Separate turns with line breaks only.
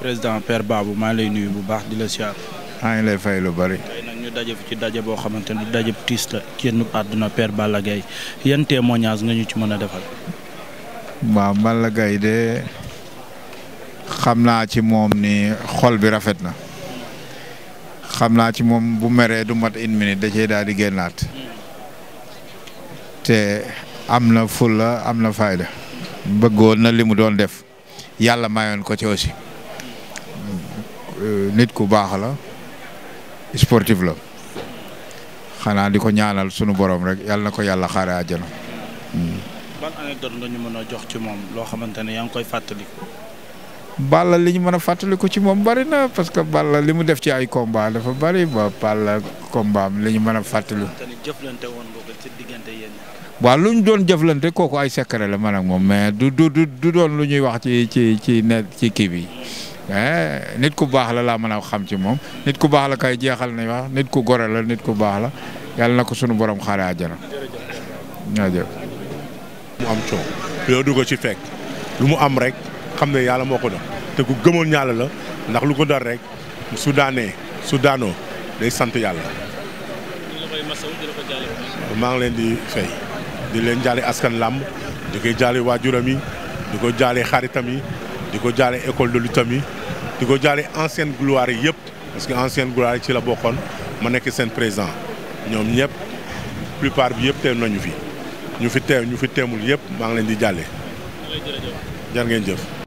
président Père baabu maa lay nuyu bu baax di la siyaar. maa ngi lay fay lu bari. tey nag ci daje boo xamante ni daje bu tiis la génn àdduna Père Balla yante yan témoignage nga ñu ci mën a defal.
waaw Balla de xam naa ci moom ni xol bi rafet na xam naa ci moom bu meree du mat une minute da cee daal di génnaat te am na fula am na fayda bëggoon na li mu doon def yàlla mayoon ko ci aussi. Euh, nit ku baax la sportif la xanaa di ko ñaanal sunu boroom rek yàlla na ko yàlla xaare àjjana.
ban anecdote nga mën a jox ci moom loo xamante ne yaa ngi koy fàttaliku.
Balla li ñu mën a fàttaliku ci moom bari na parce que Balla li mu def ci ay combat dafa bari ba Balla combat am li ñu mën a fàttaliku.
jëflante woon nga
ko ci doon jëflante kooku ay secret la man moom mais du du du doon lu ñuy wax ci ci ci net ci kii bi. Eh, nit ku baax la laa mën a xam ci moom nit ku baax la kay jeexal na wax nit ku gore la nit ku baax la yàlla na ko sunu borom xaare àjjana jaajëf
mu am coow loolu du ko ci fekk lu mu am rek xam ne yàlla moo ko doon te ku gëmoon yàlla la ndax lu ko dar rek su daanee su daanoo day sant yàlla maa ngi leen di fay di leen jaale askan làmb di koy jaale waajuram di ko jaale xaritam yi di ko jaale école de lutte yi di ko jaale ancienne gloire yi yëpp parce que ancienne gloire ci la bokkoon ma nekk seen président ñoom ñëpp plupart bi yëpp teew nañu fi ñu fi teew ñu fi teemul yëpp maa ngi leen di jàllee. jar ngeen jëf.